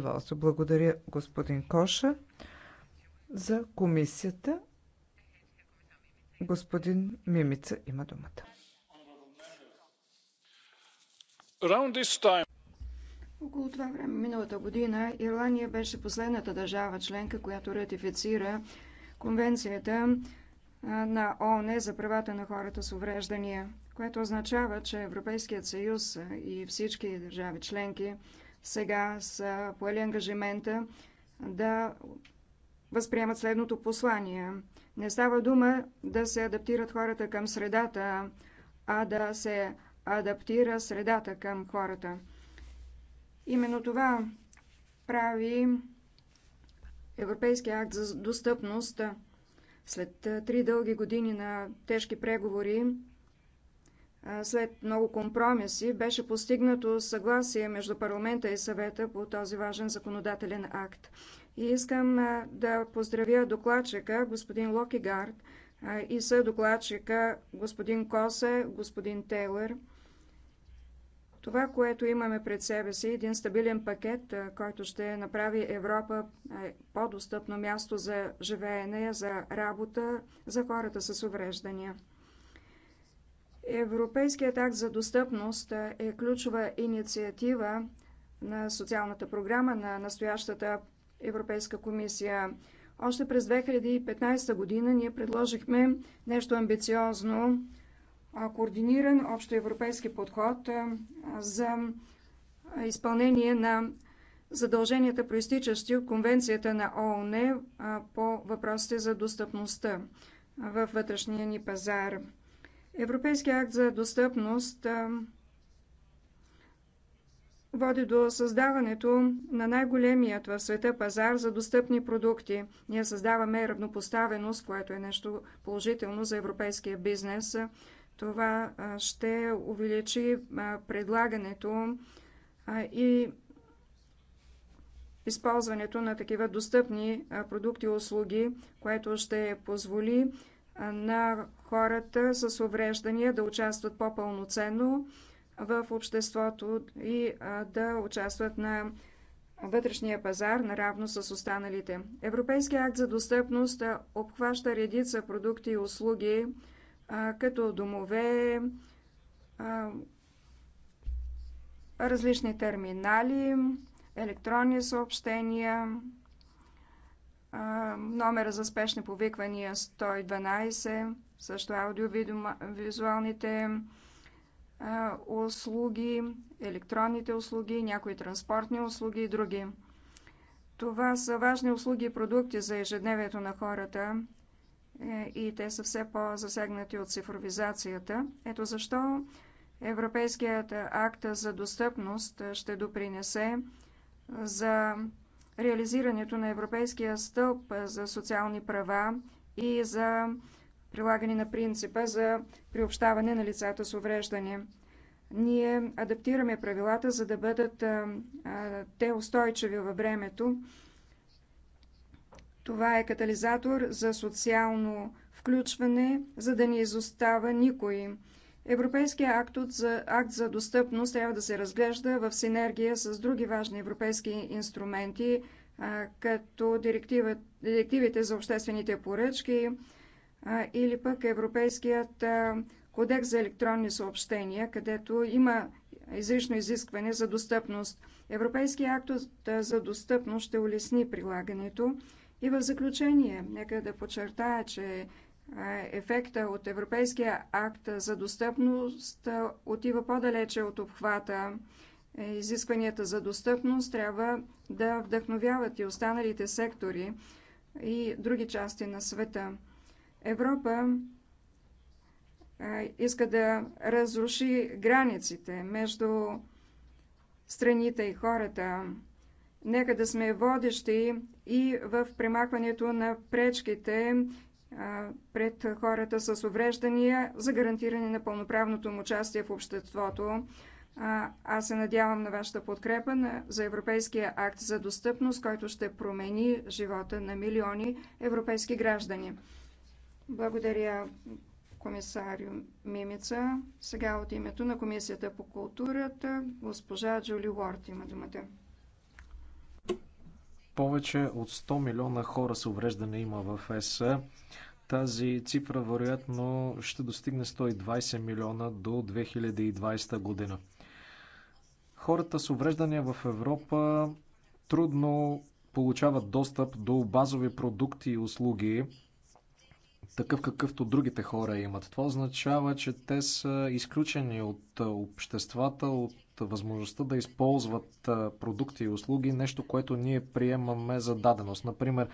Валсо. Благодаря, господин Коша. За комисията господин Мимица има думата. Около това време миналата година Ирландия беше последната държава членка, която ратифицира Конвенцията на ООН за правата на хората с увреждания, което означава, че Европейският съюз и всички държави членки сега са поели ангажимента да възприемат следното послание. Не става дума да се адаптират хората към средата, а да се адаптира средата към хората. Именно това прави Европейския акт за достъпност. След три дълги години на тежки преговори след много компромиси беше постигнато съгласие между парламента и съвета по този важен законодателен акт. И искам да поздравя докладчика господин Локигард и съдокладчика господин Косе, господин Тейлър. Това, което имаме пред себе си, един стабилен пакет, който ще направи Европа по-достъпно място за живеене, за работа, за хората с увреждания. Европейският акт за достъпност е ключова инициатива на социалната програма на настоящата Европейска комисия. Още през 2015 година ние предложихме нещо амбициозно, координиран общоевропейски подход за изпълнение на задълженията, проистичащи от Конвенцията на ООН по въпросите за достъпността във вътрешния ни пазар. Европейския акт за достъпност води до създаването на най-големият в света пазар за достъпни продукти. Ние създаваме равнопоставеност, което е нещо положително за европейския бизнес. Това ще увеличи предлагането и използването на такива достъпни продукти и услуги, което ще позволи на хората с увреждания да участват по-пълноценно в обществото и да участват на вътрешния пазар наравно с останалите. Европейския акт за достъпност обхваща редица продукти и услуги, като домове, различни терминали, електронни съобщения, номера за спешни повиквания 112, също аудиовизуалните услуги, електронните услуги, някои транспортни услуги и други. Това са важни услуги и продукти за ежедневието на хората е, и те са все по-засегнати от цифровизацията. Ето защо Европейският акт за достъпност ще допринесе за реализирането на Европейския стълб за социални права и за прилагане на принципа за приобщаване на лицата с увреждане. Ние адаптираме правилата, за да бъдат а, а, те устойчиви във времето. Това е катализатор за социално включване, за да не изостава никой. Европейския акт за, акт за достъпност трябва да се разглежда в синергия с други важни европейски инструменти, като директивите за обществените поръчки или пък Европейският кодекс за електронни съобщения, където има изрично изискване за достъпност. Европейския акт за достъпност ще улесни прилагането. И в заключение, нека да подчертая, че ефекта от Европейския акт за достъпност отива по-далече от обхвата. Е, изискванията за достъпност трябва да вдъхновяват и останалите сектори и други части на света. Европа иска да разруши границите между страните и хората. Нека да сме водещи и в премахването на пречките пред хората с увреждания за гарантиране на пълноправното им участие в обществото. Аз се надявам на вашата подкрепа на, за Европейския акт за достъпност, който ще промени живота на милиони европейски граждани. Благодаря, комисарю Мимица. Сега от името на Комисията по културата госпожа Джули Уорт има думата. Повече от 100 милиона хора с увреждане има в ЕС. Тази цифра вероятно ще достигне 120 милиона до 2020 година. Хората с увреждания в Европа трудно получават достъп до базови продукти и услуги, такъв какъвто другите хора имат. Това означава, че те са изключени от обществата, от възможността да използват продукти и услуги, нещо, което ние приемаме за даденост. Например,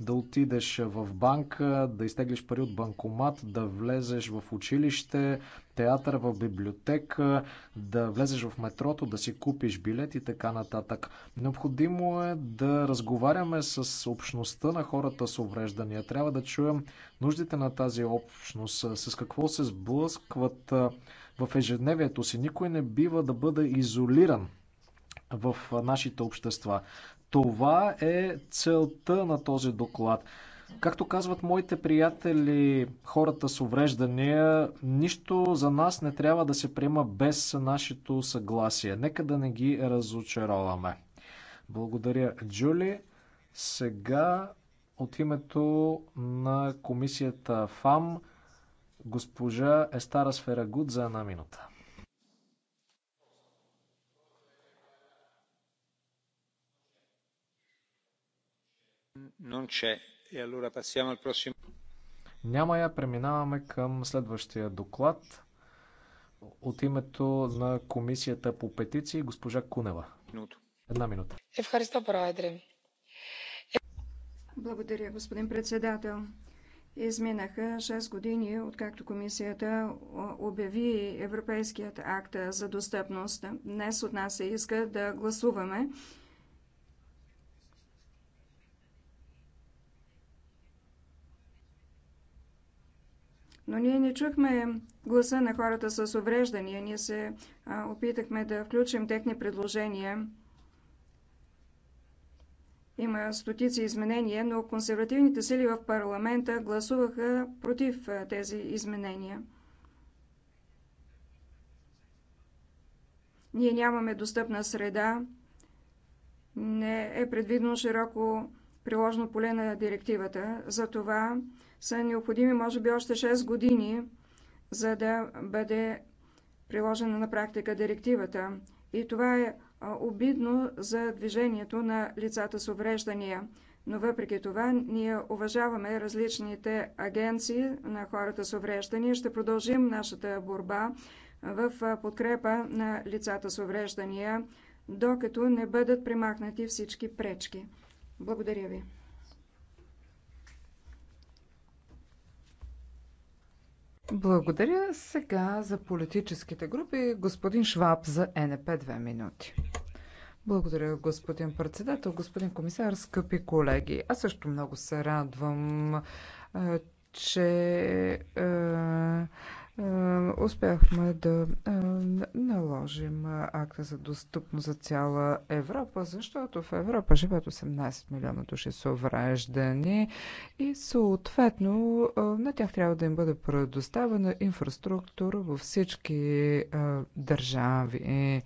да отидеш в банка, да изтеглиш пари от банкомат, да влезеш в училище, театър, в библиотека, да влезеш в метрото, да си купиш билет и така нататък. Необходимо е да разговаряме с общността на хората с увреждания. Трябва да чуем нуждите на тази общност, с какво се сблъскват в ежедневието си. Никой не бива да бъде изолиран в нашите общества. Това е целта на този доклад. Както казват моите приятели, хората с увреждания, нищо за нас не трябва да се приема без нашето съгласие. Нека да не ги разочароваме. Благодаря, Джули. Сега от името на комисията ФАМ Госпожа Естара Сферагут за една минута. E Няма я, преминаваме към следващия доклад. От името на Комисията по петиции, госпожа Кунева. Една минута. Благодаря, господин председател. Изминаха 6 години, откакто комисията обяви Европейският акт за достъпност. Днес от нас се иска да гласуваме. Но ние не чухме гласа на хората с увреждания. Ние се опитахме да включим техни предложения. Има стотици изменения, но консервативните сили в парламента гласуваха против тези изменения. Ние нямаме достъпна среда. Не е предвидено широко приложно поле на директивата. За това са необходими, може би, още 6 години, за да бъде приложена на практика директивата. И това е обидно за движението на лицата с увреждания. Но въпреки това ние уважаваме различните агенции на хората с увреждания. Ще продължим нашата борба в подкрепа на лицата с увреждания, докато не бъдат примахнати всички пречки. Благодаря ви. Благодаря. Сега за политическите групи господин Шваб за НП две минути. Благодаря, господин председател, господин комисар, скъпи колеги. Аз също много се радвам, че е, успяхме да е, наложим акта за достъпно за цяла Европа, защото в Европа живеят 18 милиона души с увреждани и съответно е, на тях трябва да им бъде предоставена инфраструктура във всички държави.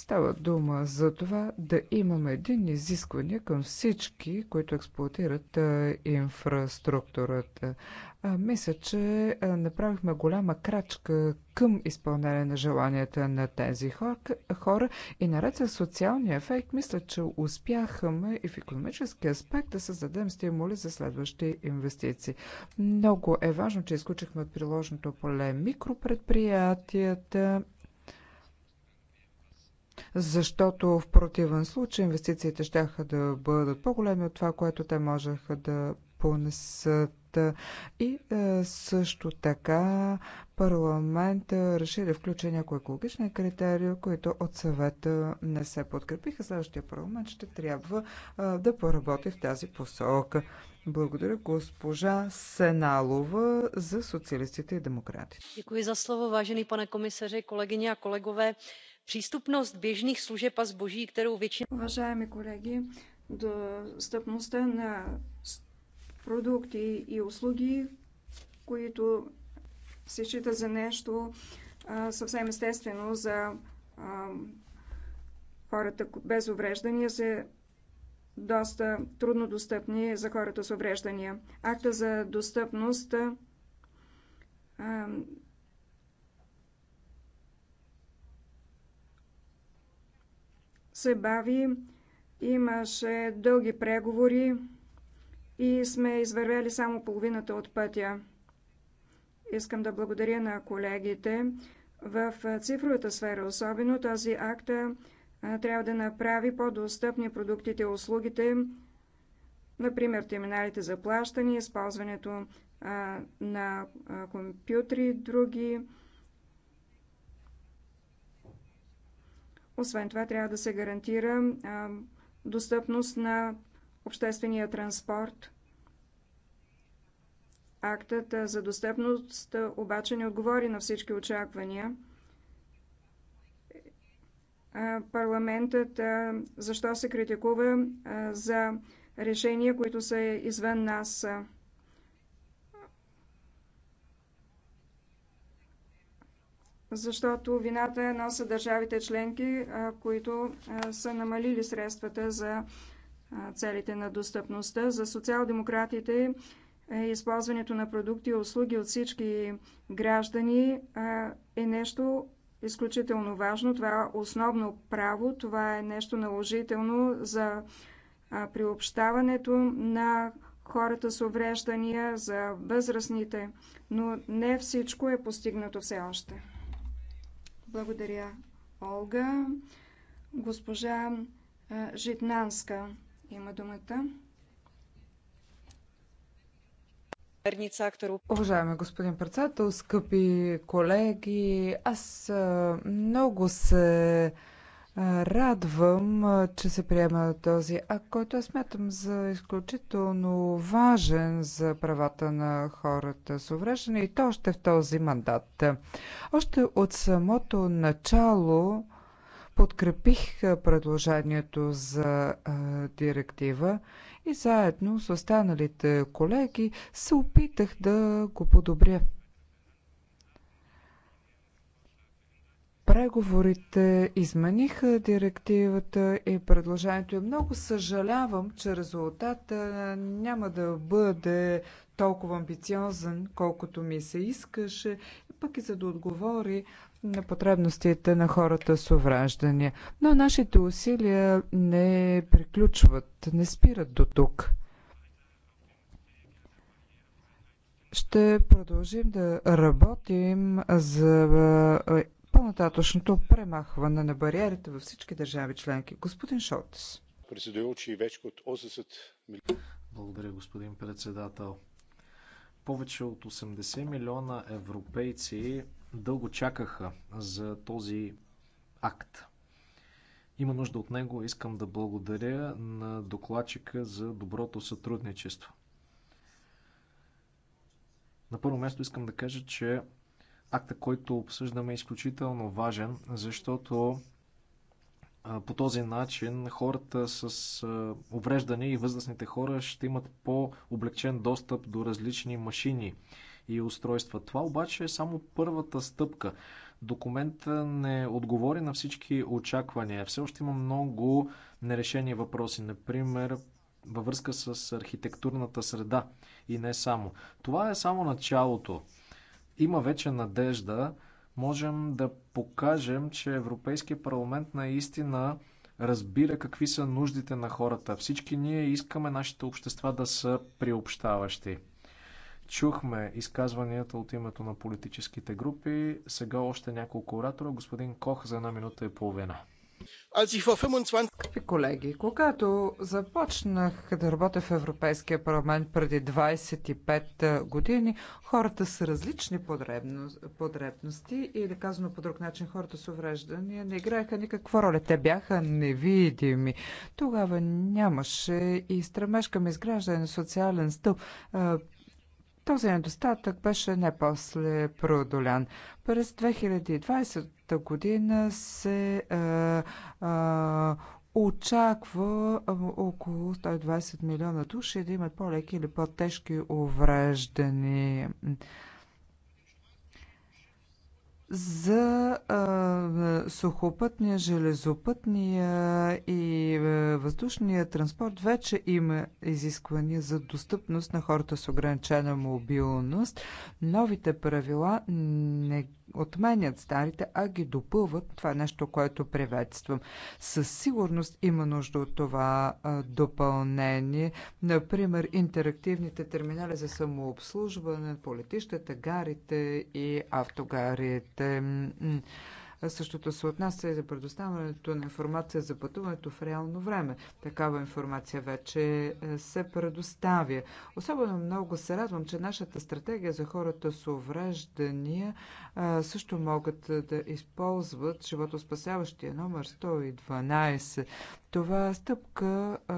Става дума за това да имаме един изискване към всички, които експлуатират инфраструктурата. мисля, че направихме голяма крачка към изпълнение на желанията на тези хора и наред с социалния ефект, мисля, че успяхме и в економически аспект да създадем стимули за следващи инвестиции. Много е важно, че изключихме от приложното поле микропредприятията защото в противен случай инвестициите ще да бъдат по-големи от това, което те можеха да понесат. И е, също така парламента реши да включи някои екологични критерии, които от съвета не се подкрепиха. Следващия парламент ще трябва е, да поработи в тази посока. Благодаря госпожа Сеналова за социалистите и демократите. Děkuji за slovo, vážený pane komisaři, kolegyně a kolegové přístupnost běžných služeb a zboží, kterou většina... Уважаеми колеги, достъпността на продукти и услуги, които се считат за нещо съвсем естествено за хората без увреждания, се доста трудно достъпни за хората с увреждания. Акта за достъпност се бави. Имаше дълги преговори и сме извървяли само половината от пътя. Искам да благодаря на колегите. В цифровата сфера особено този акт трябва да направи по-достъпни продуктите и услугите, например терминалите за плащане, използването на компютри, и други Освен това, трябва да се гарантира достъпност на обществения транспорт. Актът за достъпност обаче не отговори на всички очаквания. Парламентът защо се критикува за решения, които са извън нас. защото вината е държавите членки, които са намалили средствата за целите на достъпността. За социал-демократите е използването на продукти и услуги от всички граждани е нещо изключително важно. Това е основно право, това е нещо наложително за приобщаването на хората с увреждания, за възрастните, но не всичко е постигнато все още. Благодаря, Олга. Госпожа Житнанска има думата. Уважаеми господин председател, скъпи колеги, аз много се Радвам, че се приема този акт, който аз смятам за изключително важен за правата на хората с увреждане и то още в този мандат. Още от самото начало подкрепих предложението за директива и заедно с останалите колеги се опитах да го подобря. Преговорите измениха директивата и предложението и много съжалявам, че резултата няма да бъде толкова амбициозен, колкото ми се искаше, и пък и за да отговори на потребностите на хората с увреждания. Но нашите усилия не приключват, не спират до тук. Ще продължим да работим за по-нататъчното премахване на бариерите във всички държави членки. Господин Шолтес. Благодаря, господин председател. Повече от 80 милиона европейци дълго чакаха за този акт. Има нужда от него. Искам да благодаря на докладчика за доброто сътрудничество. На първо място искам да кажа, че Акта, който обсъждаме е изключително важен, защото по този начин хората с увреждане и възрастните хора ще имат по-облегчен достъп до различни машини и устройства. Това обаче е само първата стъпка. Документа не отговори на всички очаквания. Все още има много нерешени въпроси. Например, във връзка с архитектурната среда и не само. Това е само началото има вече надежда, можем да покажем, че Европейския парламент наистина разбира какви са нуждите на хората. Всички ние искаме нашите общества да са приобщаващи. Чухме изказванията от името на политическите групи. Сега още няколко оратора. Господин Кох за една минута и половина. Колеги, когато започнах да работя в Европейския парламент преди 25 години, хората с различни потребности или казано по друг начин, хората с увреждания не играеха никаква роля. Те бяха невидими. Тогава нямаше и стремеж към изграждане на социален стълб. Този недостатък беше не после преодолян. През 2020 година се е, е, очаква е, около 120 милиона души да имат по-леки или по-тежки увреждания за а, сухопътния, железопътния и а, въздушния транспорт вече има изисквания за достъпност на хората с ограничена мобилност. Новите правила не отменят старите, а ги допълват. Това е нещо, което приветствам. Със сигурност има нужда от това допълнение. Например, интерактивните терминали за самообслужване полетищата, гарите и автогарите. Същото се отнася и за предоставянето на информация за пътуването в реално време. Такава информация вече е, се предоставя. Особено много се радвам, че нашата стратегия за хората с увреждания е, също могат е, да използват животоспасяващия номер 112. Това е стъпка а,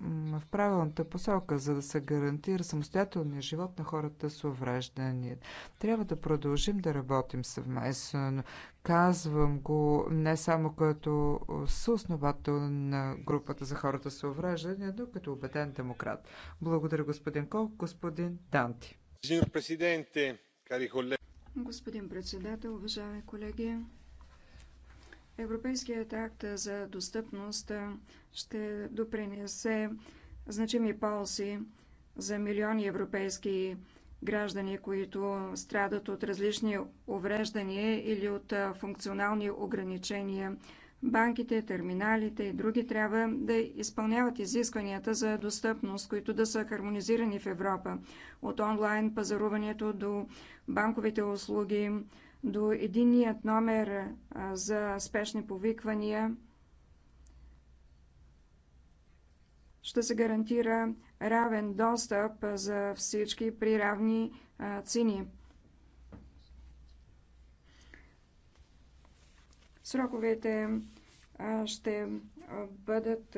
в правилната посока, за да се гарантира самостоятелния живот на хората с увреждания. Трябва да продължим да работим съвместно. Казвам го не само като съосновател на групата за хората с увреждания, но като убеден демократ. Благодаря господин Кол, господин Данти. Господин председател, уважаеми колеги, Европейският акт за достъпност ще допринесе значими ползи за милиони европейски граждани, които страдат от различни увреждания или от функционални ограничения. Банките, терминалите и други трябва да изпълняват изискванията за достъпност, които да са хармонизирани в Европа. От онлайн пазаруването до банковите услуги, до единият номер за спешни повиквания ще се гарантира равен достъп за всички при равни цени. Сроковете ще бъдат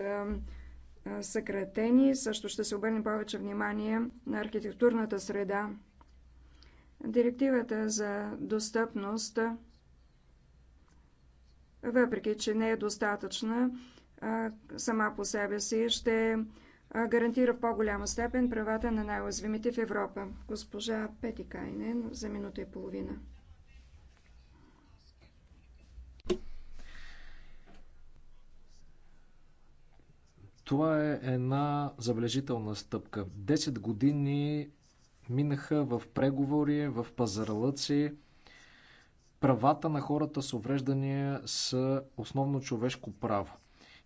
съкратени. Също ще се обърне повече внимание на архитектурната среда. Директивата за достъпност, въпреки че не е достатъчна, сама по себе си ще гарантира в по-голяма степен правата на най-уязвимите в Европа. Госпожа Пети Кайнен за минута и половина. Това е една забележителна стъпка. 10 години минаха в преговори, в пазарлъци. Правата на хората с увреждания са основно човешко право.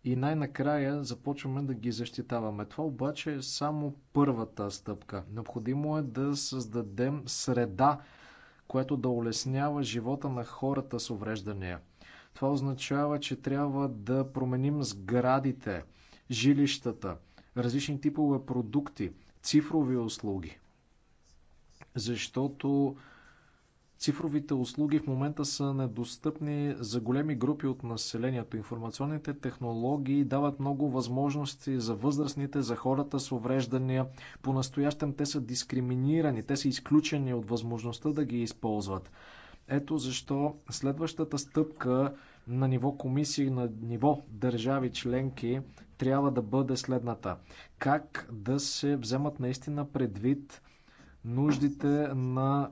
И най-накрая започваме да ги защитаваме. Това обаче е само първата стъпка. Необходимо е да създадем среда, която да улеснява живота на хората с увреждания. Това означава, че трябва да променим сградите, жилищата, различни типове продукти, цифрови услуги защото цифровите услуги в момента са недостъпни за големи групи от населението. Информационните технологии дават много възможности за възрастните, за хората с увреждания. По-настоящем те са дискриминирани, те са изключени от възможността да ги използват. Ето защо следващата стъпка на ниво комисии, на ниво държави членки трябва да бъде следната. Как да се вземат наистина предвид нуждите на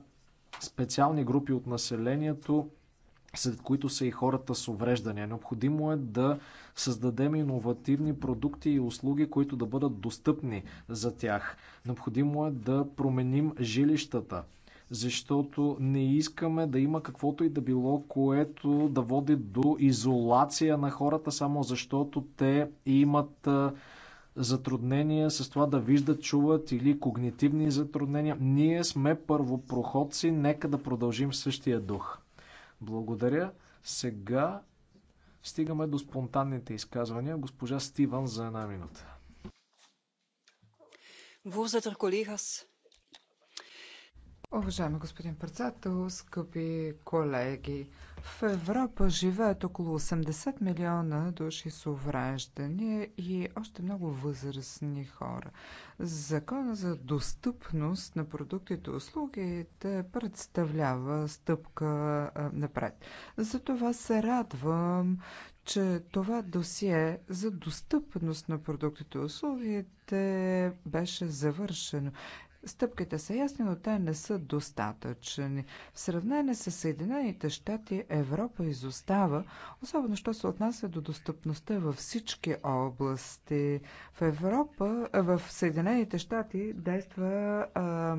специални групи от населението, сред които са и хората с увреждания. Необходимо е да създадем иновативни продукти и услуги, които да бъдат достъпни за тях. Необходимо е да променим жилищата, защото не искаме да има каквото и да било, което да води до изолация на хората, само защото те имат затруднения с това да виждат, чуват или когнитивни затруднения. Ние сме първопроходци, нека да продължим в същия дух. Благодаря. Сега стигаме до спонтанните изказвания. Госпожа Стиван за една минута. der Kollege Уважаеми господин председател, скъпи колеги, в Европа живеят около 80 милиона души с увреждания и още много възрастни хора. Закона за достъпност на продуктите и услугите представлява стъпка напред. Затова се радвам, че това досие за достъпност на продуктите и услугите беше завършено. Стъпките са ясни, но те не са достатъчни. В сравнение с Съединените щати Европа изостава, особено що се отнася до достъпността във всички области. В Европа, в Съединените щати действа а,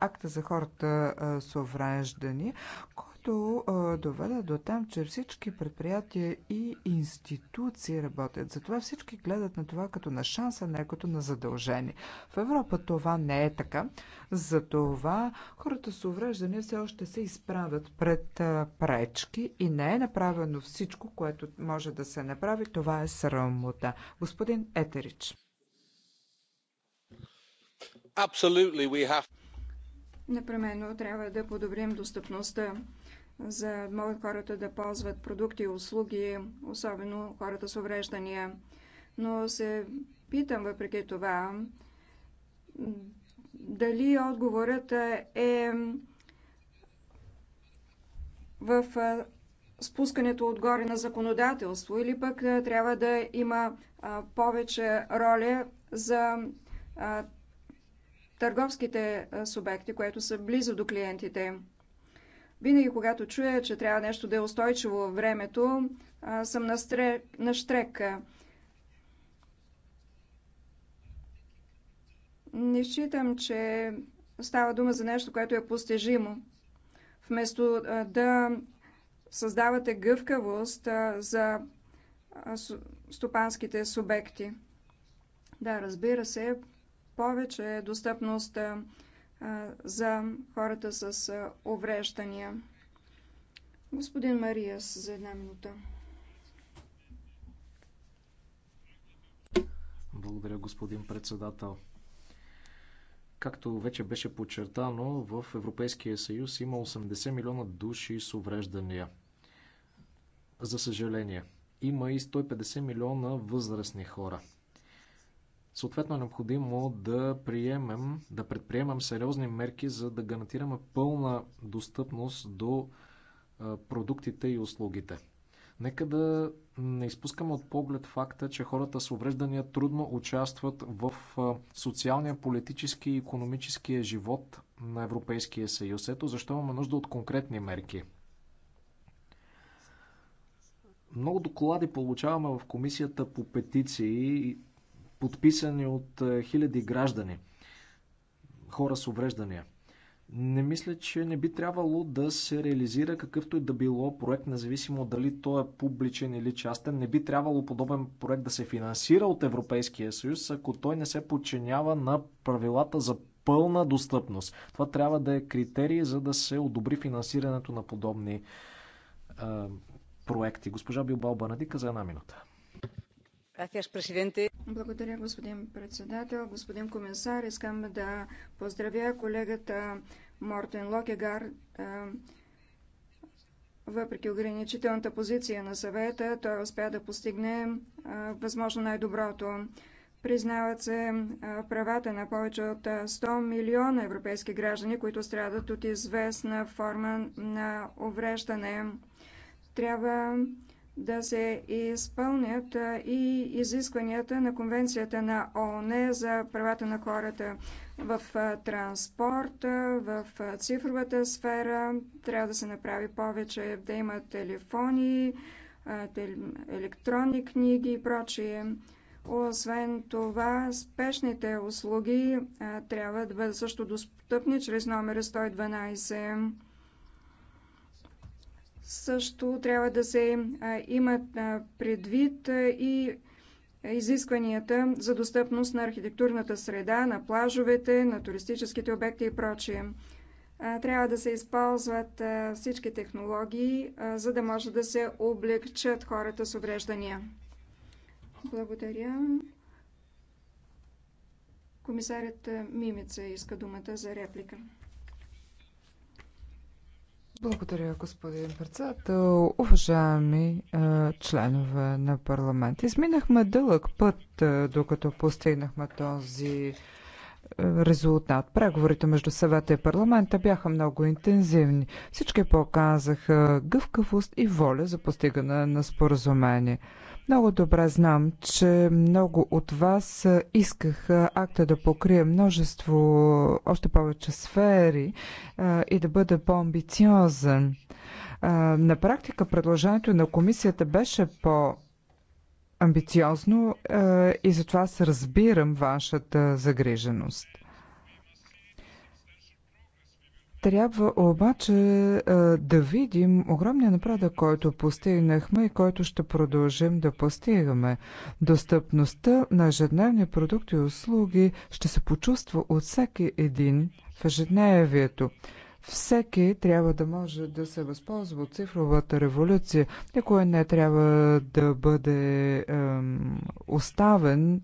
акта за хората а, с увреждания, който което а, доведе до там, че всички предприятия и институции работят. Затова всички гледат на това като на шанса, не като на задължение. В Европа това не е така. Затова хората с увреждания все още се изправят пред а, пречки и не е направено всичко, което може да се направи. Това е срамота. Господин Етерич. Absolutely we have Непременно трябва да подобрим достъпността, за да могат хората да ползват продукти и услуги, особено хората с увреждания. Но се питам въпреки това, дали отговорът е в спускането отгоре на законодателство или пък трябва да има повече роля за търговските субекти, които са близо до клиентите. Винаги, когато чуя, че трябва нещо да е устойчиво във времето, съм на, на штрек. Не считам, че става дума за нещо, което е постижимо. Вместо да създавате гъвкавост за стопанските субекти. Да, разбира се, повече достъпност за хората с увреждания. Господин Мариас, за една минута. Благодаря, господин председател. Както вече беше подчертано, в Европейския съюз има 80 милиона души с увреждания. За съжаление, има и 150 милиона възрастни хора – Съответно е необходимо да, приемем, да предприемем сериозни мерки, за да гарантираме пълна достъпност до продуктите и услугите. Нека да не изпускаме от поглед факта, че хората с увреждания трудно участват в социалния, политически и економическия живот на Европейския съюз. Ето защо имаме нужда от конкретни мерки. Много доклади получаваме в комисията по петиции подписани от е, хиляди граждани, хора с увреждания. Не мисля, че не би трябвало да се реализира какъвто и да било проект, независимо дали той е публичен или частен. Не би трябвало подобен проект да се финансира от Европейския съюз, ако той не се подчинява на правилата за пълна достъпност. Това трябва да е критерий, за да се одобри финансирането на подобни е, проекти. Госпожа Билбал Банадика за една минута. Благодаря, господин председател. Господин комисар, искам да поздравя колегата Мортен Локегар. Въпреки ограничителната позиция на съвета, той успя да постигне възможно най-доброто. Признават се правата на повече от 100 милиона европейски граждани, които страдат от известна форма на увреждане. Трябва да се изпълнят и изискванията на Конвенцията на ООН за правата на хората в транспорта, в цифровата сфера. Трябва да се направи повече, да има телефони, електронни книги и прочие. Освен това, спешните услуги трябва да бъдат също достъпни чрез номера 112. Също трябва да се имат предвид и изискванията за достъпност на архитектурната среда, на плажовете, на туристическите обекти и прочие. Трябва да се използват всички технологии, за да може да се облегчат хората с увреждания. Благодаря. Комисарят Мимица иска думата за реплика. Благодаря, господин председател. Уважаеми е, членове на парламент, изминахме дълъг път, е, докато постигнахме този е, резултат. Преговорите между съвета и парламента бяха много интензивни. Всички показаха гъвкавост и воля за постигане на споразумение. Много добре знам, че много от вас искаха акта да покрие множество, още повече сфери и да бъде по-амбициозен. На практика предложението на комисията беше по амбициозно и затова аз разбирам вашата загриженост. Трябва обаче е, да видим огромния напредък, който постигнахме и който ще продължим да постигаме. Достъпността на ежедневни продукти и услуги ще се почувства от всеки един в ежедневието. Всеки трябва да може да се възползва от цифровата революция. Никой не трябва да бъде е, оставен. Е,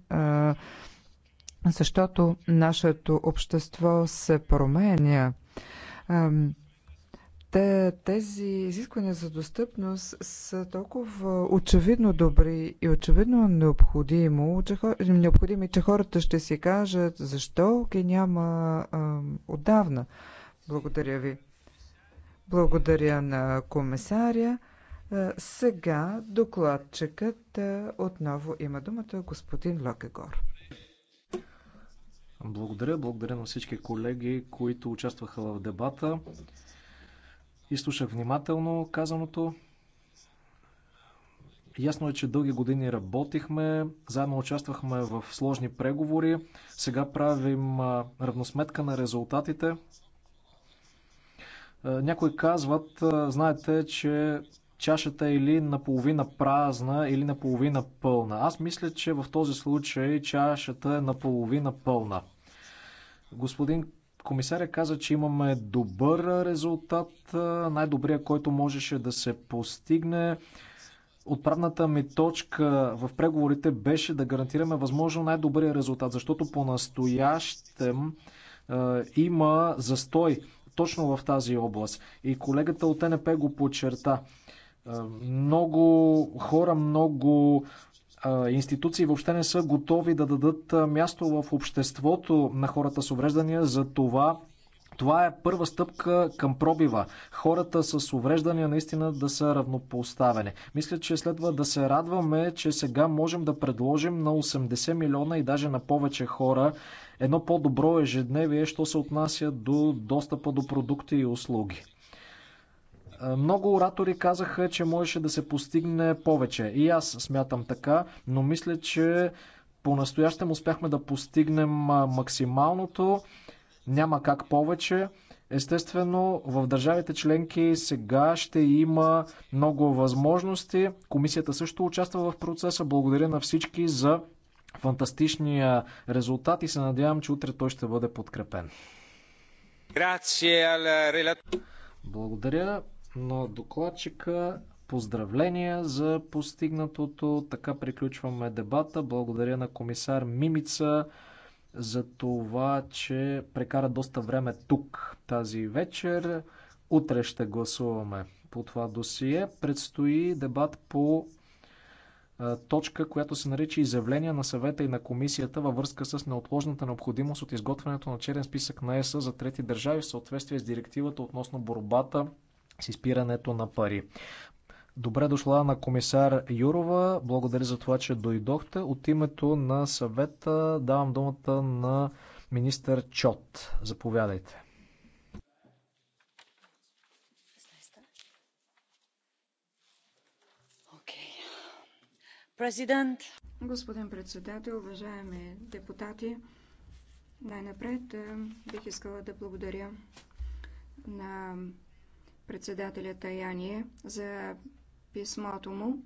защото нашето общество се променя. Те, тези изисквания за достъпност са толкова очевидно добри и очевидно необходимо, че, необходими, че хората ще си кажат защо ги няма а, отдавна. Благодаря ви. Благодаря на комисаря. Сега докладчикът отново има думата господин Локегор. Благодаря, благодаря на всички колеги, които участваха в дебата. Изслушах внимателно казаното. Ясно е, че дълги години работихме, заедно участвахме в сложни преговори. Сега правим равносметка на резултатите. Някои казват, знаете, че чашата или наполовина празна, или наполовина пълна. Аз мисля, че в този случай чашата е наполовина пълна. Господин комисаря каза, че имаме добър резултат, най-добрия, който можеше да се постигне. Отправната ми точка в преговорите беше да гарантираме възможно най-добрия резултат, защото по-настоящем е, има застой точно в тази област. И колегата от НП го подчерта. Много хора, много институции въобще не са готови да дадат място в обществото на хората с увреждания. За това това е първа стъпка към пробива. Хората с увреждания наистина да са равнопоставени. Мисля, че следва да се радваме, че сега можем да предложим на 80 милиона и даже на повече хора едно по-добро ежедневие, що се отнася до достъпа до продукти и услуги. Много оратори казаха, че можеше да се постигне повече. И аз смятам така, но мисля, че по-настоящем успяхме да постигнем максималното. Няма как повече. Естествено, в държавите членки сега ще има много възможности. Комисията също участва в процеса. Благодаря на всички за фантастичния резултат и се надявам, че утре той ще бъде подкрепен. Благодаря на докладчика. Поздравления за постигнатото. Така приключваме дебата. Благодаря на комисар Мимица за това, че прекара доста време тук тази вечер. Утре ще гласуваме по това досие. Предстои дебат по точка, която се нарича изявление на съвета и на комисията във връзка с неотложната необходимост от изготвянето на черен списък на ЕСА за трети държави в съответствие с директивата относно борбата с изпирането на пари. Добре дошла на комисар Юрова. Благодаря за това, че дойдохте. От името на съвета давам думата на министър Чот. Заповядайте. Президент. Господин председател, уважаеми депутати, най-напред е, бих искала да благодаря на председателя Таяние за писмото му.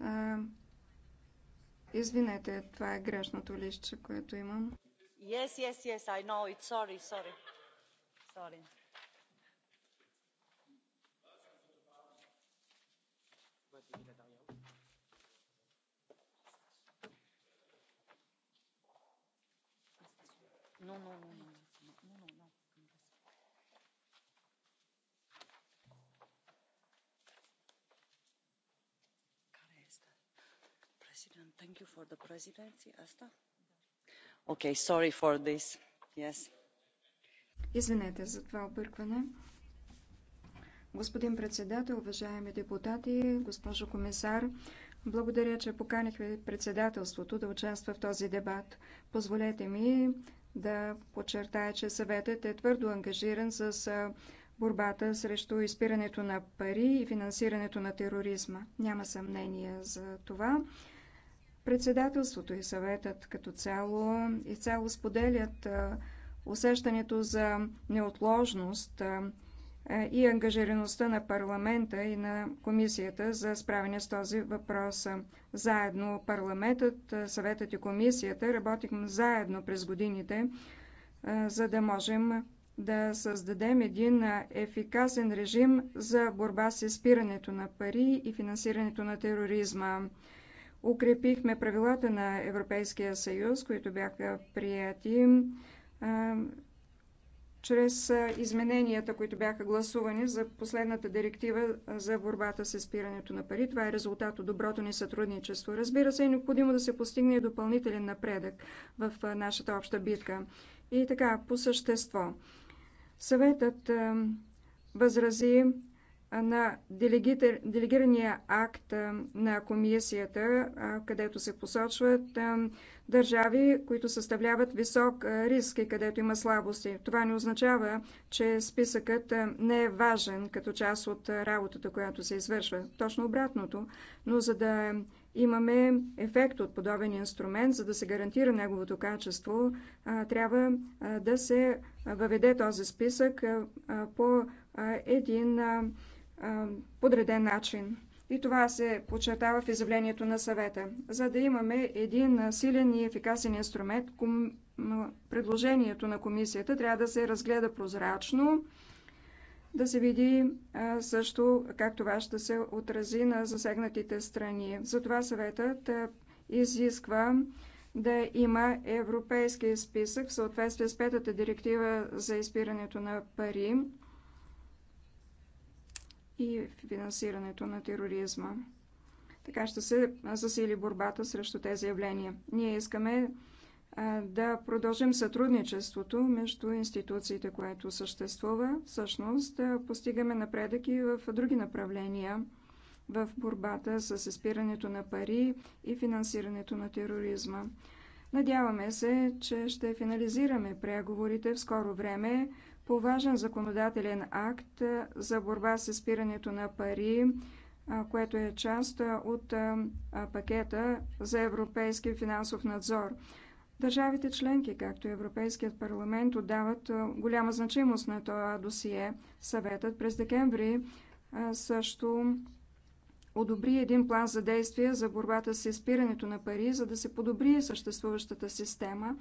А, извинете, това е грешното лище, което имам. Yes, yes, yes, I know it. Sorry, sorry. Sorry. No, no, no. the presidency asta okay sorry for this yes Извинете за това объркване. Господин председател, уважаеми депутати, госпожо комисар, благодаря, че ви председателството да участва в този дебат. Позволете ми да подчертая, че съветът е твърдо ангажиран с борбата срещу изпирането на пари и финансирането на тероризма. Няма съмнение за това. Председателството и съветът като цяло и цяло споделят усещането за неотложност и ангажираността на парламента и на комисията за справяне с този въпрос. Заедно парламентът, съветът и комисията работихме заедно през годините, за да можем да създадем един ефикасен режим за борба с изпирането на пари и финансирането на тероризма. Укрепихме правилата на Европейския съюз, които бяха прияти чрез измененията, които бяха гласувани за последната директива за борбата с изпирането на пари. Това е резултат от доброто ни сътрудничество. Разбира се, е необходимо да се постигне и допълнителен напредък в нашата обща битка. И така, по същество. Съветът възрази на делегирания акт на комисията, където се посочват държави, които съставляват висок риск и където има слабости. Това не означава, че списъкът не е важен като част от работата, която се извършва. Точно обратното, но за да имаме ефект от подобен инструмент, за да се гарантира неговото качество, трябва да се въведе този списък по един подреден начин. И това се подчертава в изявлението на съвета. За да имаме един силен и ефикасен инструмент, предложението на комисията трябва да се разгледа прозрачно, да се види също как това ще се отрази на засегнатите страни. Затова съветът изисква да има европейски списък в съответствие с петата директива за изпирането на пари и финансирането на тероризма. Така ще се засили борбата срещу тези явления. Ние искаме да продължим сътрудничеството между институциите, което съществува, всъщност да постигаме напредък и в други направления в борбата с изпирането на пари и финансирането на тероризма. Надяваме се, че ще финализираме преговорите в скоро време по важен законодателен акт за борба с изпирането на пари, което е част от пакета за европейски финансов надзор. Държавите членки, както и Европейският парламент, отдават голяма значимост на това досие. Съветът през декември също одобри един план за действие за борбата с изпирането на пари, за да се подобри съществуващата система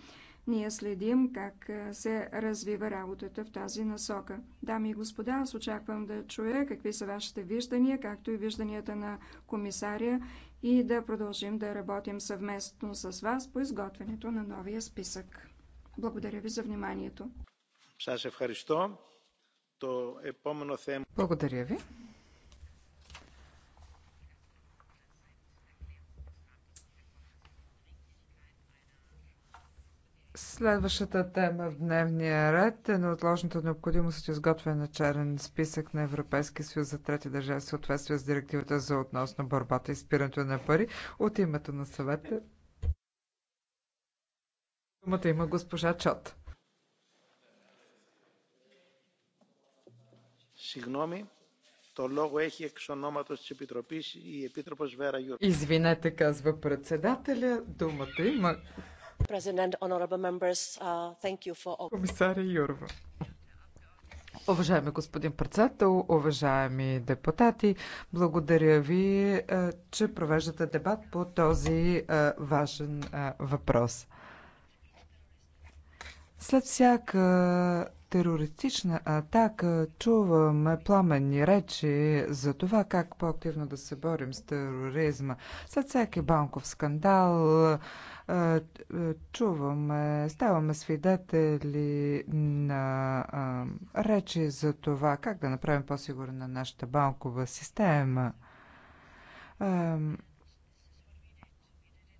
ние следим как се развива работата в тази насока. Дами и господа, аз очаквам да чуя какви са вашите виждания, както и вижданията на комисаря и да продължим да работим съвместно с вас по изготвянето на новия списък. Благодаря ви за вниманието. Благодаря ви. Следващата тема в дневния ред е на отложната необходимост от изготвяне на черен списък на Европейския съюз за трети държави в съответствие с директивата за относно борбата и спирането на пари от името на съвета. Думата има госпожа Чот. Συγγνώμη, Извинете, казва председателя, думата има Uh, Комисаря Юрова. Уважаеми господин председател, уважаеми депутати, благодаря ви, е, че провеждате дебат по този е, важен е, въпрос. След всяка терористична атака чуваме пламенни речи за това как по-активно да се борим с тероризма. След всеки банков скандал чуваме, ставаме свидетели на речи за това как да направим по-сигурна нашата банкова система.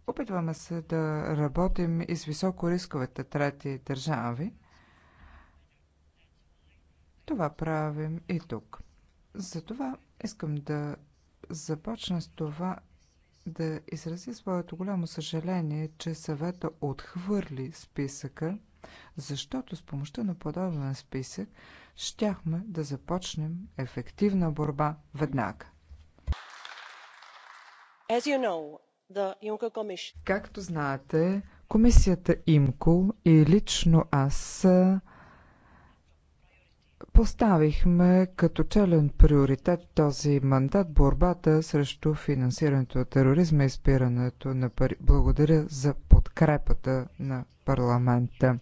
Опитваме се да работим и с високо трети държави. Това правим и тук. Затова искам да започна с това да изрази своето голямо съжаление, че съвета отхвърли списъка, защото с помощта на подобен списък щяхме да започнем ефективна борба веднага. You know, Commission... Както знаете, комисията ИМКО и лично аз Поставихме като челен приоритет този мандат борбата срещу финансирането на тероризма и спирането на пари. Благодаря за подкрепата на парламента.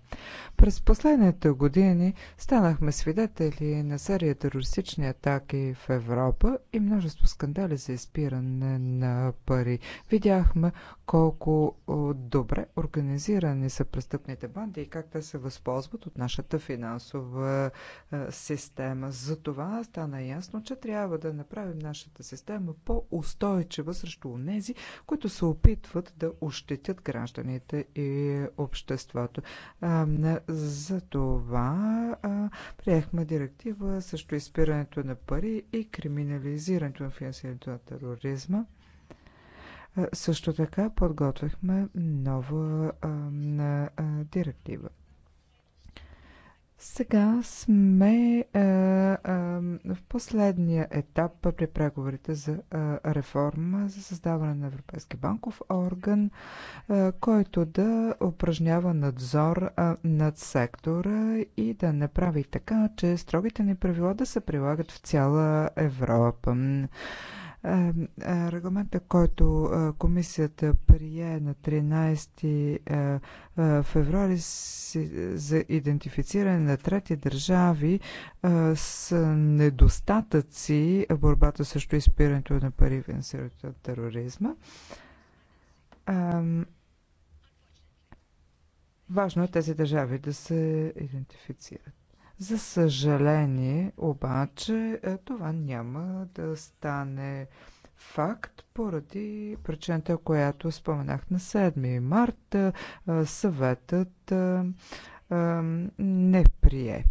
През последните години станахме свидетели на серия терористични атаки в Европа и множество скандали за изпиране на пари. Видяхме колко добре организирани са престъпните банди и как те се възползват от нашата финансова е, система. За това стана ясно, че трябва да направим нашата система по-устойчива срещу онези, които се опитват да ощетят гражданите и обществото обществото. За това приехме директива също изпирането на пари и криминализирането на финансирането на тероризма. Също така подготвихме нова а, а, директива. Сега сме а, е, а, е, в последния етап при преговорите за а, е, реформа за създаване на Европейски банков орган, а, който да упражнява надзор а, над сектора и да направи така, че строгите ни правила да се прилагат в цяла Европа. Е, е, регламента, който е, комисията прие на 13 февруари за идентифициране на трети държави с недостатъци в борбата срещу изпирането на пари в на тероризма. Важно е тези държави да се идентифицират. За съжаление, обаче, е, това няма да стане факт поради причината, която споменах на 7 март. Е, съветът е, не прие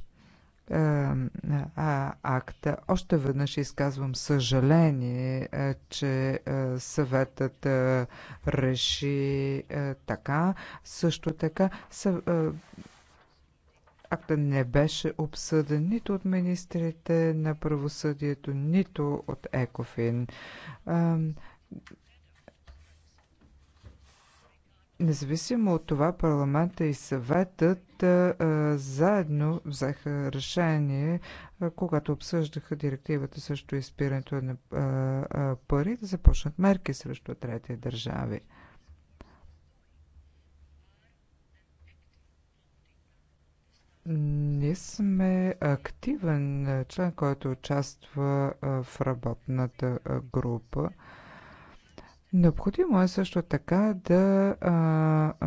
акта. Още веднъж изказвам съжаление, че съветът реши така. Също така Акта не беше обсъден нито от министрите на правосъдието, нито от Екофин. Независимо от това, парламента и съветът а, заедно взеха решение, а, когато обсъждаха директивата срещу изпирането на а, а, пари, да започнат мерки срещу трети държави. сме активен член, който участва в работната група. Необходимо е също така да а, а,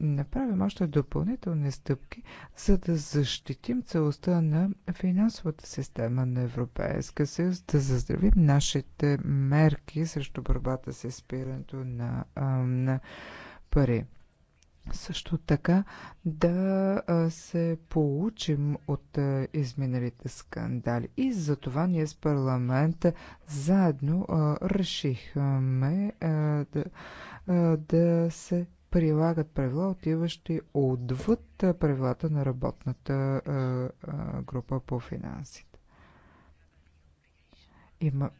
направим още допълнителни стъпки, за да защитим целостта на финансовата система на Европейска съюз, да заздравим нашите мерки срещу борбата с изпирането на, на пари също така да се получим от изминалите скандали. И за това ние с парламента заедно решихме да, да се прилагат правила, отиващи отвъд правилата на работната група по финансите. Има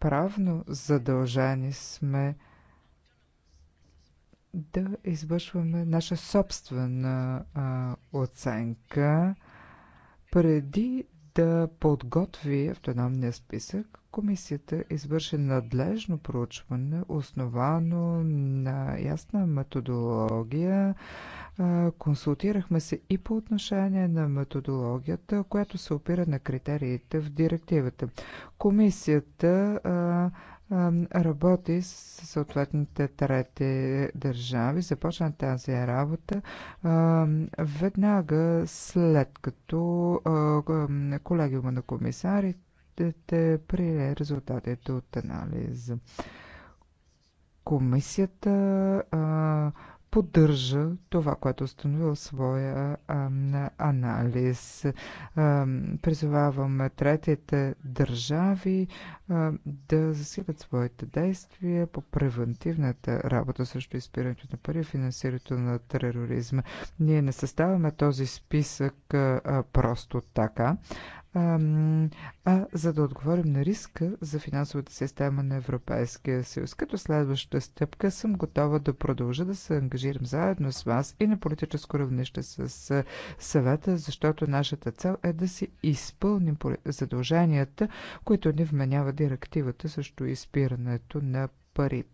правно задължани сме да извършваме наша собствена а, оценка преди да подготви автономния списък, комисията извърши надлежно проучване, основано на ясна методология. Консултирахме се и по отношение на методологията, която се опира на критериите в директивата. Комисията работи с съответните трети държави. Започна тази работа веднага след като колегиума на комисарите прие резултатите от анализа. Комисията поддържа това, което е установи в своя а, анализ. А, призоваваме третите държави а, да засилят своите действия по превентивната работа срещу изпирането на пари и финансирането на тероризма. Ние не съставяме този списък а, просто така а за да отговорим на риска за финансовата система на Европейския съюз. Като следваща стъпка съм готова да продължа да се ангажирам заедно с вас и на политическо равнище с съвета, защото нашата цел е да си изпълним задълженията, които ни вменява директивата срещу изпирането на пари.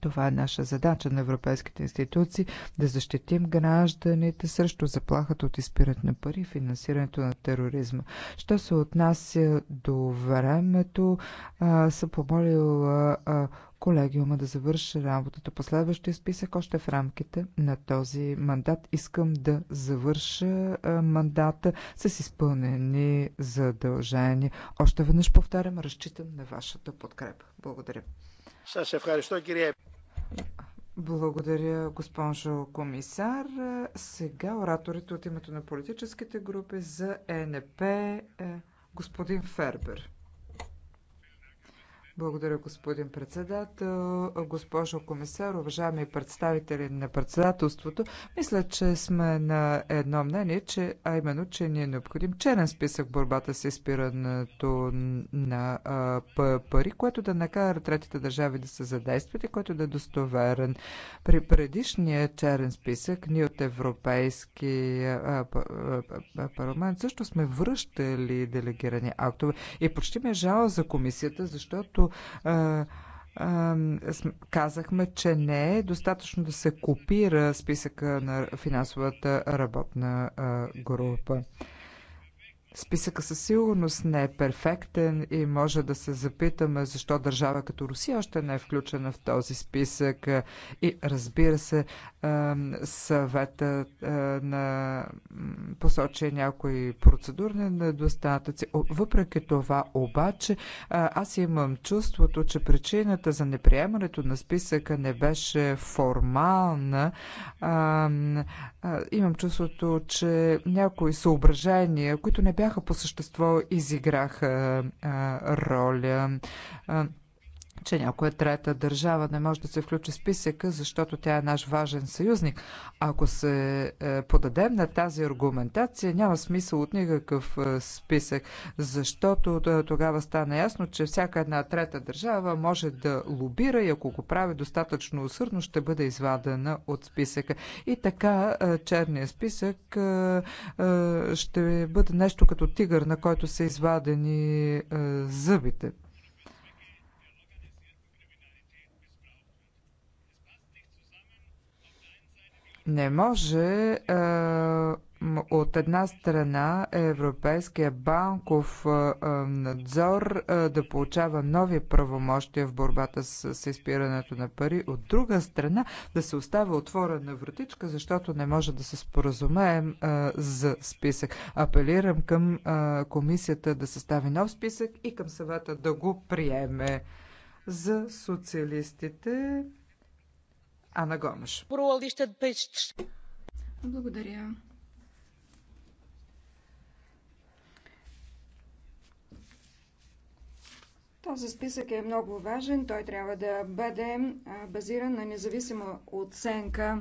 Това е наша задача на европейските институции да защитим гражданите срещу заплахата от изпирането на пари и финансирането на тероризма. Що се отнася до времето, а, съм помолила а, колегиума да завърши работата. Последващия списък още в рамките на този мандат. Искам да завърша а, мандата с изпълнени задължения. Още веднъж повтарям, разчитам на вашата подкрепа. Благодаря. Σας ευχαριστώ благодаря, госпожо комисар. Сега ораторите от името на политическите групи за ЕНП, е, господин Фербер. Благодаря, господин председател, госпожо комисар, уважаеми представители на председателството. Мисля, че сме на едно мнение, че, а именно, че ни е необходим черен списък в борбата с изпирането на а, пари, което да накара третите държави да се задействат и който да е достоверен. При предишния черен списък ние от Европейски а, а, парламент също сме връщали делегирани актове. И почти ме е жал за комисията, защото а, а, казахме, че не е достатъчно да се копира списъка на финансовата работна а, група. Списъка със сигурност не е перфектен и може да се запитаме защо държава като Русия още не е включена в този списък. И разбира се, съвета на посочи някои процедурни недостатъци. Въпреки това обаче, аз имам чувството, че причината за неприемането на списъка не беше формална. Имам чувството, че някои съображения, които не бяха по същество, изиграха роля че някоя трета държава не може да се включи в списъка, защото тя е наш важен съюзник. Ако се е, подадем на тази аргументация, няма смисъл от никакъв е, списък, защото е, тогава стана ясно, че всяка една трета държава може да лобира и ако го прави достатъчно усърдно, ще бъде извадена от списъка. И така черния списък ще бъде нещо като тигър, на който са извадени зъбите. Не може е, от една страна Европейския банков е, е, надзор е, да получава нови правомощия в борбата с, с изпирането на пари, от друга страна да се остава отворена вратичка, защото не може да се споразумеем е, за списък. Апелирам към е, комисията да състави нов списък и към съвета да го приеме. За социалистите Ана Гомеш. Благодаря. Този списък е много важен. Той трябва да бъде базиран на независима оценка.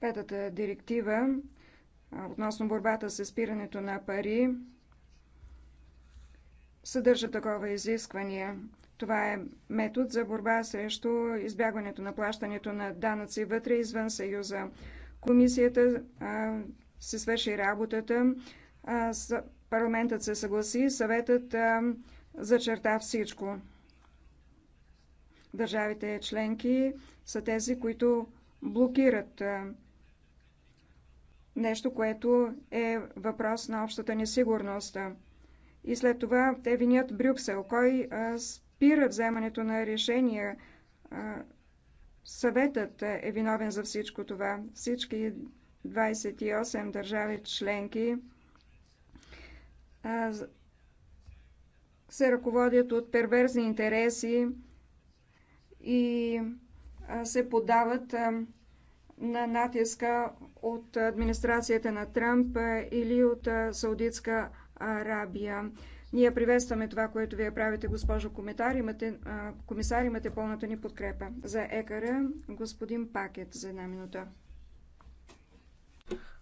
Петата директива относно борбата с изпирането на пари съдържа такова изискване. Това е метод за борба срещу избягването на плащането на данъци вътре извън Съюза. Комисията а, се свърши работата, а, с, парламентът се съгласи, съветът а, зачерта всичко. Държавите членки са тези, които блокират а, нещо, което е въпрос на общата несигурност. И след това те винят Брюксел. Кой а, спира вземането на решения. Съветът е виновен за всичко това. Всички 28 държави членки се ръководят от перверзни интереси и се подават на натиска от администрацията на Тръмп или от Саудитска Арабия. Ние приветстваме това, което вие правите, госпожо комитар. Имате, а, комисар. Имате пълната ни подкрепа. За екара, господин Пакет, за една минута.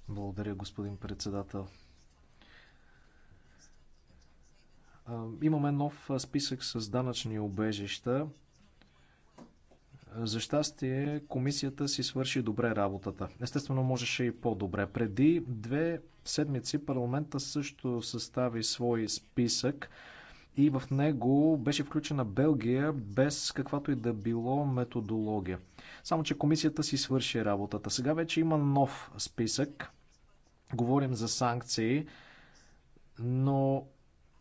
Благодаря, господин председател. Имаме нов списък с данъчни обежища. За щастие, комисията си свърши добре работата. Естествено, можеше и по-добре. Преди две седмици парламента също състави свой списък и в него беше включена Белгия без каквато и да било методология. Само, че комисията си свърши работата. Сега вече има нов списък. Говорим за санкции, но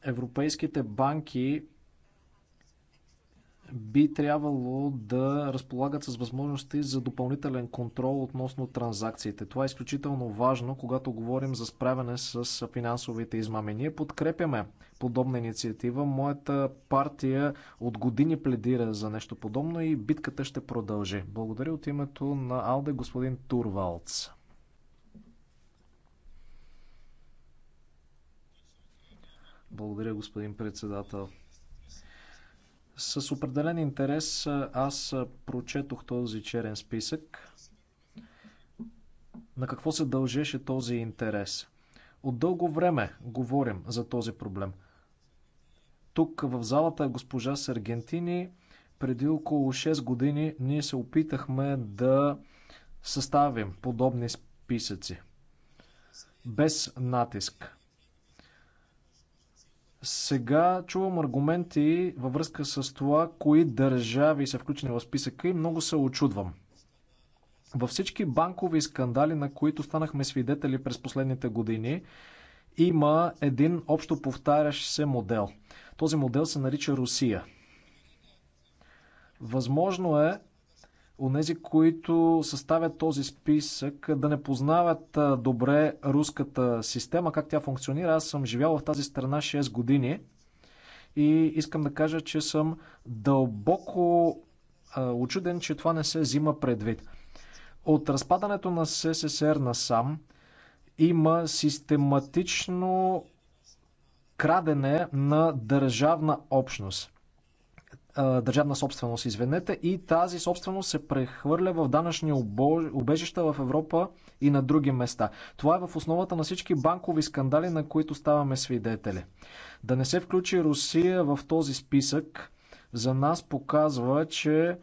европейските банки би трябвало да разполагат с възможности за допълнителен контрол относно транзакциите. Това е изключително важно, когато говорим за справяне с финансовите измами. Ние подкрепяме подобна инициатива. Моята партия от години пледира за нещо подобно и битката ще продължи. Благодаря от името на Алде господин Турвалц. Благодаря, господин председател. С определен интерес аз прочетох този черен списък. На какво се дължеше този интерес? От дълго време говорим за този проблем. Тук в залата е госпожа Саргентини. Преди около 6 години ние се опитахме да съставим подобни списъци. Без натиск. Сега чувам аргументи във връзка с това, кои държави са включени в списъка и много се очудвам. Във всички банкови скандали, на които станахме свидетели през последните години, има един общо повтарящ се модел. Този модел се нарича Русия. Възможно е онези, които съставят този списък, да не познават добре руската система, как тя функционира. Аз съм живял в тази страна 6 години и искам да кажа, че съм дълбоко очуден, че това не се взима предвид. От разпадането на СССР насам има систематично крадене на държавна общност държавна собственост, извинете, и тази собственост се прехвърля в данъчни обежища в Европа и на други места. Това е в основата на всички банкови скандали, на които ставаме свидетели. Да не се включи Русия в този списък, за нас показва, че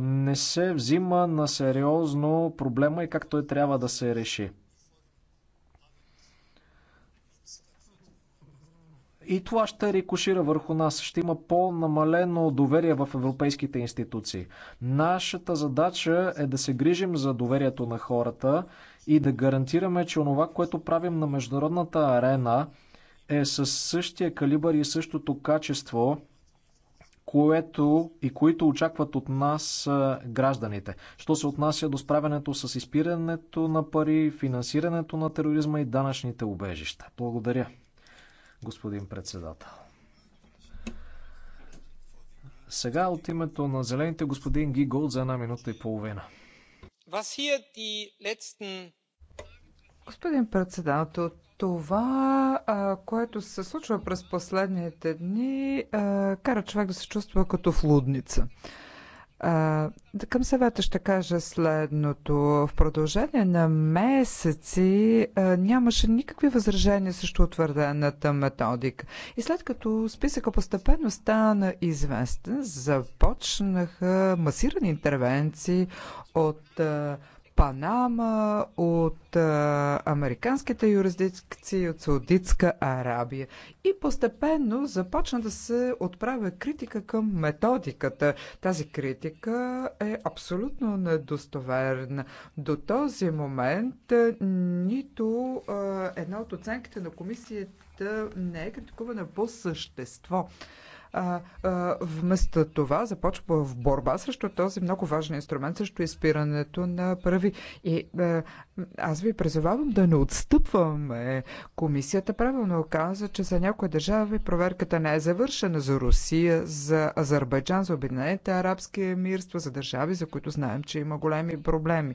не се взима на сериозно проблема и как той е трябва да се реши. И това ще рекушира върху нас. Ще има по-намалено доверие в европейските институции. Нашата задача е да се грижим за доверието на хората и да гарантираме, че онова, което правим на международната арена, е със същия калибър и същото качество, което и които очакват от нас гражданите. Що се отнася до справянето с изпирането на пари, финансирането на тероризма и данъчните убежища. Благодаря господин председател. Сега от името на зелените господин Гигол за една минута и половина. Господин председател, това, а, което се случва през последните дни, а, кара човек да се чувства като в лудница. Към съвета ще кажа следното. В продължение на месеци нямаше никакви възражения срещу утвърдената методика. И след като списъка постепенно стана известен, започнаха масирани интервенции от Панама, от а, американските юрисдикции, от Саудитска Арабия. И постепенно започна да се отправя критика към методиката. Тази критика е абсолютно недостоверна. До този момент нито а, една от оценките на комисията не е критикувана по същество а, а, вместо това започва в борба срещу този много важен инструмент, срещу изпирането на прави. И а, аз ви призовавам да не отстъпваме. Комисията правилно каза, че за някои държави проверката не е завършена за Русия, за Азербайджан, за Обединените арабски емирства, за държави, за които знаем, че има големи проблеми.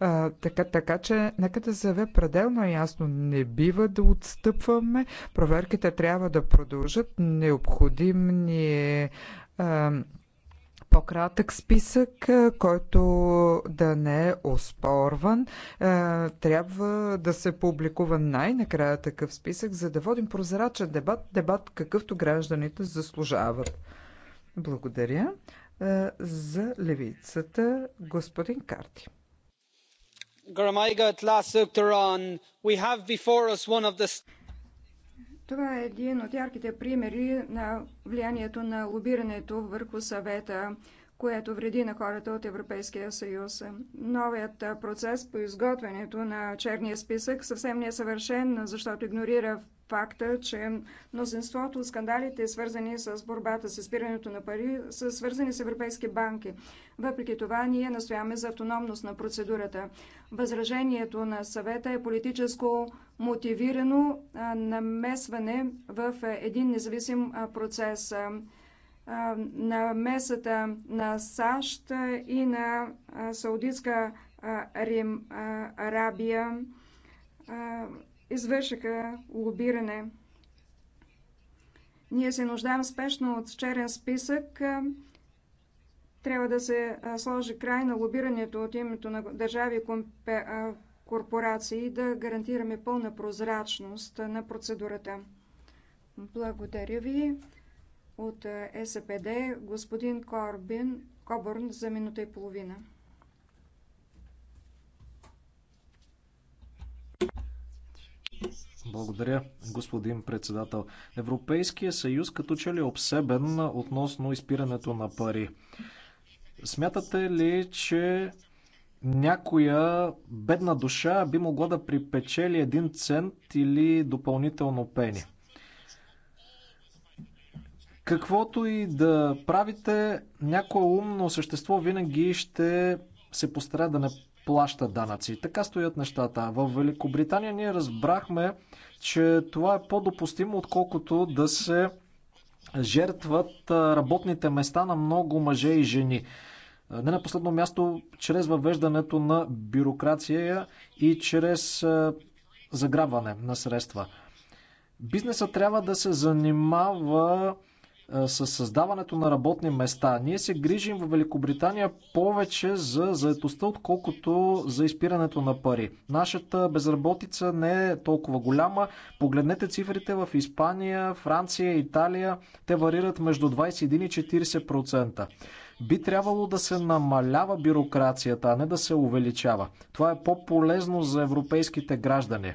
А, така, така че, нека да заве пределно ясно, не бива да отстъпваме. Проверките трябва да продължат. Необходим ни по-кратък списък, който да не е оспорван. Трябва да се публикува най-накрая такъв списък, за да водим прозрачен дебат, дебат какъвто гражданите заслужават. Благодаря за левицата господин Карти. Гарамайга, we have before us one of the това е един от ярките примери на влиянието на лобирането върху съвета, което вреди на хората от Европейския съюз. Новият процес по изготвянето на черния списък съвсем не е съвършен, защото игнорира факта, че мнозинството от скандалите, свързани с борбата с изпирането на пари, са свързани с европейски банки. Въпреки това, ние настояваме за автономност на процедурата. Възражението на съвета е политическо мотивирано намесване в един независим процес на месата на САЩ и на Саудитска Арабия извършиха лобиране. Ние се нуждаем спешно от черен списък. Трябва да се сложи край на лобирането от името на държави и корпорации да гарантираме пълна прозрачност на процедурата. Благодаря ви. От СПД господин Корбин Кобърн за минута и половина. Благодаря, господин председател. Европейския съюз като че ли е обсебен относно изпирането на пари. Смятате ли, че някоя бедна душа би могла да припечели един цент или допълнително пени? Каквото и да правите, някое умно същество винаги ще се постара да не плаща данъци. Така стоят нещата. В Великобритания ние разбрахме, че това е по-допустимо, отколкото да се жертват работните места на много мъже и жени. Не на последно място, чрез въвеждането на бюрокрация и чрез заграбване на средства. Бизнесът трябва да се занимава със създаването на работни места. Ние се грижим в Великобритания повече за заетостта, отколкото за изпирането на пари. Нашата безработица не е толкова голяма. Погледнете цифрите в Испания, Франция, Италия. Те варират между 21 и 40%. Би трябвало да се намалява бюрокрацията, а не да се увеличава. Това е по-полезно за европейските граждани.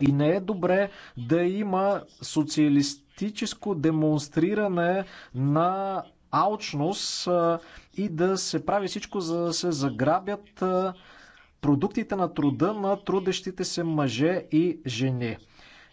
И не е добре да има социалистическо демонстриране на алчност и да се прави всичко, за да се заграбят продуктите на труда на трудещите се мъже и жени.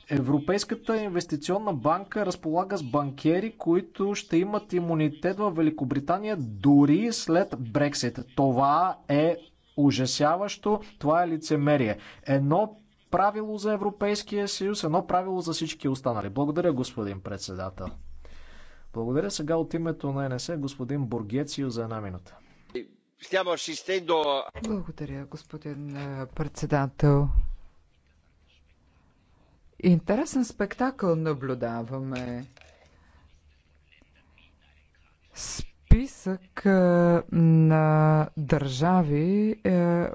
Европейската инвестиционна банка разполага с банкери, които ще имат имунитет в Великобритания дори след Брексит. Това е ужасяващо, това е лицемерие. Едно правило за Европейския съюз, едно правило за всички останали. Благодаря, господин председател. Благодаря сега от името на НС господин Бургецио за една минута. Благодаря, господин е, председател. Интересен спектакъл наблюдаваме. Списък е, на държави, е,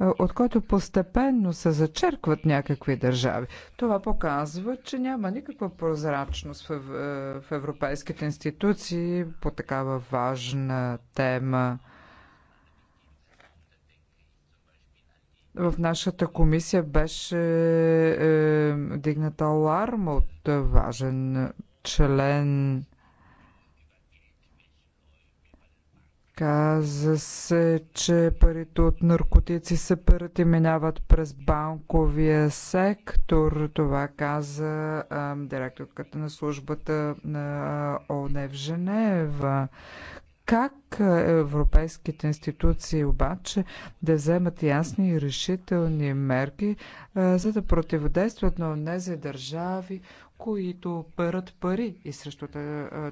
от който постепенно се зачеркват някакви държави. Това показва, че няма никаква прозрачност е, в европейските институции по такава важна тема. в нашата комисия беше е, дигната аларма от важен член. Каза се, че парите от наркотици се парат и минават през банковия сектор. Това каза а, директорката на службата на ОНЕ в Женева. Как европейските институции обаче да вземат ясни и решителни мерки, а, за да противодействат на тези държави, които парат пари и срещу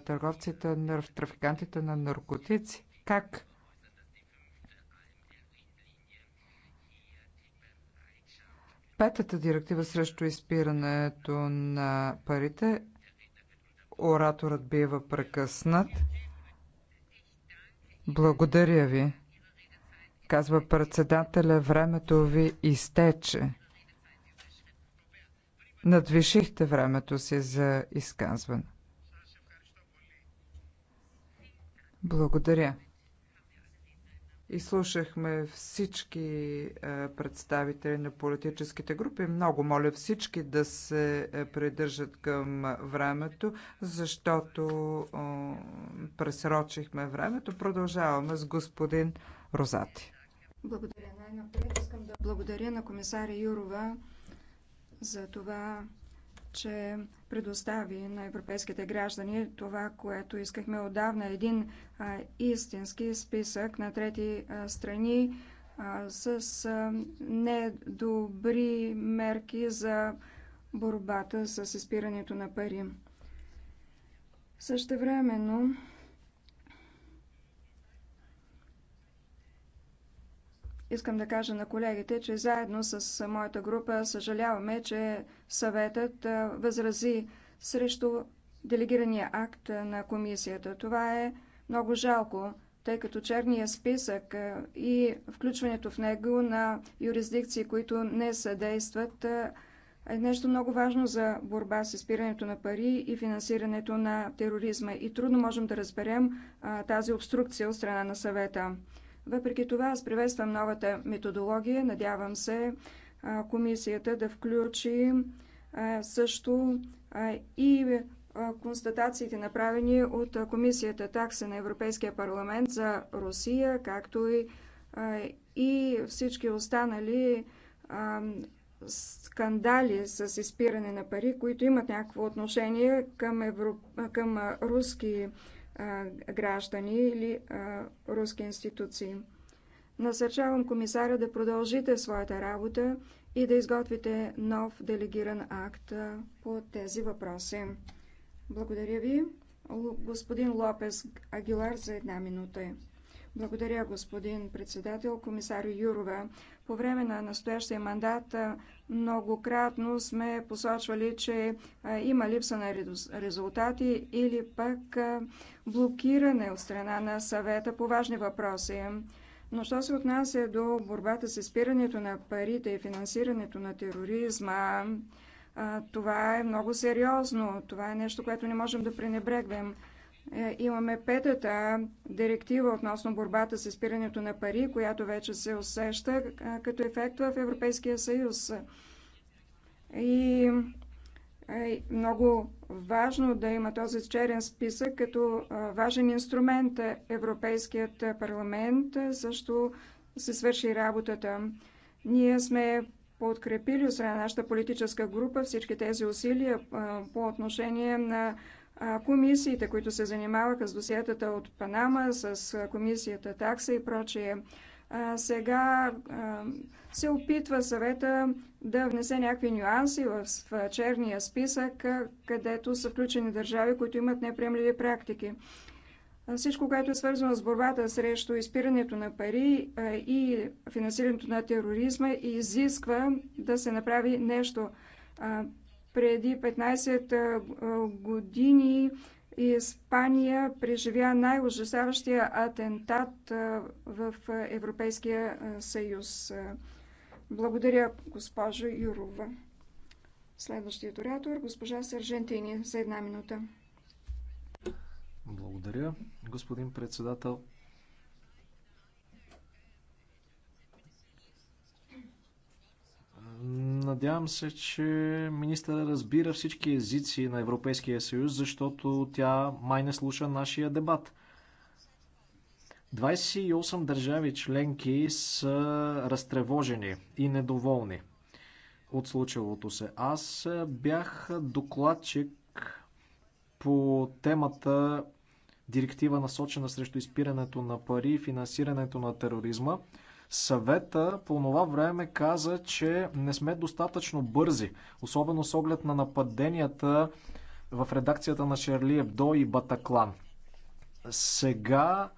търговците, трафикантите на наркотици? как Петата директива срещу изпирането на парите. Ораторът бива прекъснат. Благодаря ви. Казва председателя, времето ви изтече. Надвишихте времето си за изказване. Благодаря. Изслушахме всички е, представители на политическите групи. Много моля всички да се е, придържат към времето, защото е, пресрочихме времето. Продължаваме с господин Розати. Благодаря. Най-напред искам да благодаря на комисаря Юрова за това, че предостави на европейските граждани това, което искахме отдавна един а, истински списък на трети а, страни а, с а, недобри мерки за борбата с изпирането на пари. Същевременно Искам да кажа на колегите, че заедно с моята група съжаляваме, че съветът възрази срещу делегирания акт на комисията. Това е много жалко, тъй като черния списък и включването в него на юрисдикции, които не съдействат, е нещо много важно за борба с изпирането на пари и финансирането на тероризма. И трудно можем да разберем тази обструкция от страна на съвета. Въпреки това, аз приветствам новата методология. Надявам се комисията да включи също и констатациите направени от комисията такса на Европейския парламент за Русия, както и, и всички останали скандали с изпиране на пари, които имат някакво отношение към, евро... към руски граждани или руски институции. Насърчавам комисара да продължите своята работа и да изготвите нов делегиран акт по тези въпроси. Благодаря ви. Господин Лопес Агилар за една минута. Благодаря, господин председател, комисар Юрова. По време на настоящия мандат многократно сме посочвали, че има липса на резултати или пък блокиране от страна на съвета по важни въпроси. Но що се отнася до борбата с изпирането на парите и финансирането на тероризма, това е много сериозно. Това е нещо, което не можем да пренебрегвем. Е, имаме петата директива относно борбата с изпирането на пари, която вече се усеща е, като ефект в Европейския съюз. И е много важно да има този черен списък като е, важен инструмент. Европейският парламент също се свърши работата. Ние сме подкрепили от страна нашата политическа група всички тези усилия по отношение на комисиите, които се занимаваха с досиетата от Панама, с комисията такса и прочие. Сега се опитва съвета да внесе някакви нюанси в черния списък, където са включени държави, които имат неприемливи практики. Всичко, което е свързано с борбата срещу изпирането на пари и финансирането на тероризма, изисква да се направи нещо преди 15 години Испания преживя най-ужасяващия атентат в Европейския съюз. Благодаря, госпожо Юрова. Следващият оратор, госпожа Сържентини, за една минута. Благодаря, господин председател. Надявам се, че министъра разбира всички езици на Европейския съюз, защото тя май не слуша нашия дебат. 28 държави членки са разтревожени и недоволни от случилото се. Аз бях докладчик по темата директива насочена срещу изпирането на пари и финансирането на тероризма – Съвета по това време каза, че не сме достатъчно бързи, особено с оглед на нападенията в редакцията на Шерли Ебдо и Батаклан. Сега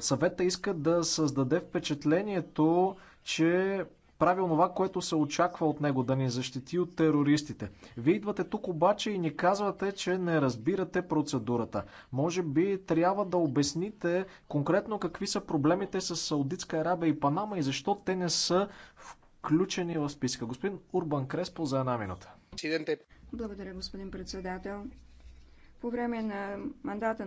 съвета иска да създаде впечатлението, че прави онова, което се очаква от него, да ни защити от терористите. Вие идвате тук обаче и ни казвате, че не разбирате процедурата. Може би трябва да обясните конкретно какви са проблемите с Саудитска Арабия и Панама и защо те не са включени в списка. Господин Урбан Креспо за една минута. Благодаря, господин председател. По време на мандата